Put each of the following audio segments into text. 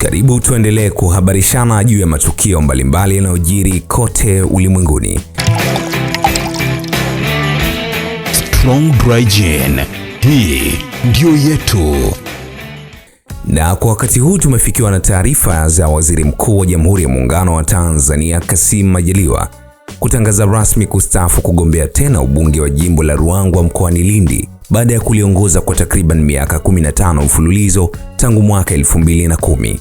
Karibu tuendelee kuhabarishana juu ya matukio mbalimbali yanayojiri kote ulimwenguni. Strong Dry Gin, hii ndio yetu. Na kwa wakati huu tumefikiwa na taarifa za Waziri Mkuu wa Jamhuri ya Muungano wa Tanzania Kassim Majaliwa kutangaza rasmi kustaafu kugombea tena ubunge wa jimbo la Ruangwa mkoani Lindi baada ya kuliongoza kwa takriban miaka 15 mfululizo tangu mwaka 2010.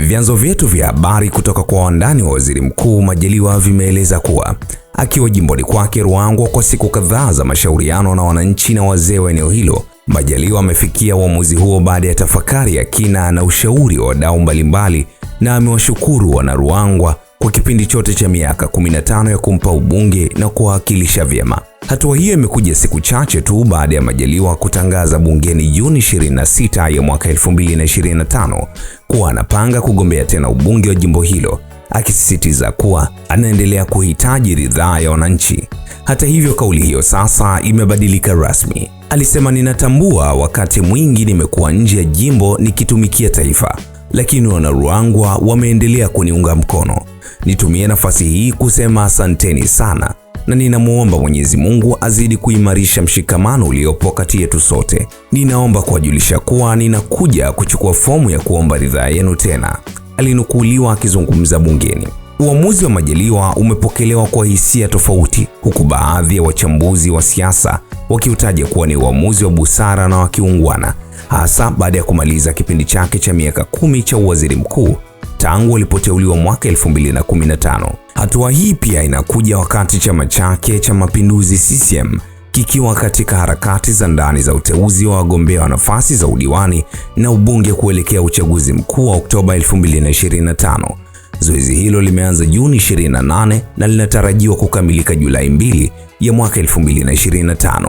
Vyanzo vyetu vya habari kutoka kwa wandani wa Waziri Mkuu Majaliwa vimeeleza kuwa akiwa jimboni kwake Ruangwa kwa siku kadhaa za mashauriano na wananchi na wazee wa eneo hilo, Majaliwa amefikia uamuzi huo baada ya tafakari ya kina na ushauri wa wadau mbalimbali, na amewashukuru wana Ruangwa kwa kipindi chote cha miaka 15 ya kumpa ubunge na kuwawakilisha vyema. Hatua hiyo imekuja siku chache tu baada ya Majaliwa kutangaza bungeni Juni 26 ya mwaka 2025 kuwa anapanga kugombea tena ubunge wa jimbo hilo, akisisitiza kuwa anaendelea kuhitaji ridhaa ya wananchi. Hata hivyo, kauli hiyo sasa imebadilika rasmi. Alisema, ninatambua wakati mwingi nimekuwa nje ya jimbo nikitumikia taifa, lakini wana Ruangwa wameendelea kuniunga mkono nitumie nafasi hii kusema asanteni sana, na ninamwomba Mwenyezi Mungu azidi kuimarisha mshikamano uliopo kati yetu sote. Ninaomba kuwajulisha kuwa ninakuja kuchukua fomu ya kuomba ridhaa yenu tena, alinukuliwa akizungumza bungeni. Uamuzi wa Majaliwa umepokelewa kwa hisia tofauti, huku baadhi ya wachambuzi wa siasa wakiutaja kuwa ni uamuzi wa busara na wakiungwana, hasa baada ya kumaliza kipindi chake cha miaka kumi cha uwaziri mkuu tangu walipoteuliwa mwaka 2015. Hatua hii pia inakuja wakati chama chake cha Mapinduzi CCM kikiwa katika harakati za ndani za uteuzi wa wagombea wa nafasi za udiwani na ubunge kuelekea uchaguzi mkuu wa Oktoba 2025. Zoezi hilo limeanza Juni 28 na linatarajiwa kukamilika Julai 2 ya mwaka 2025.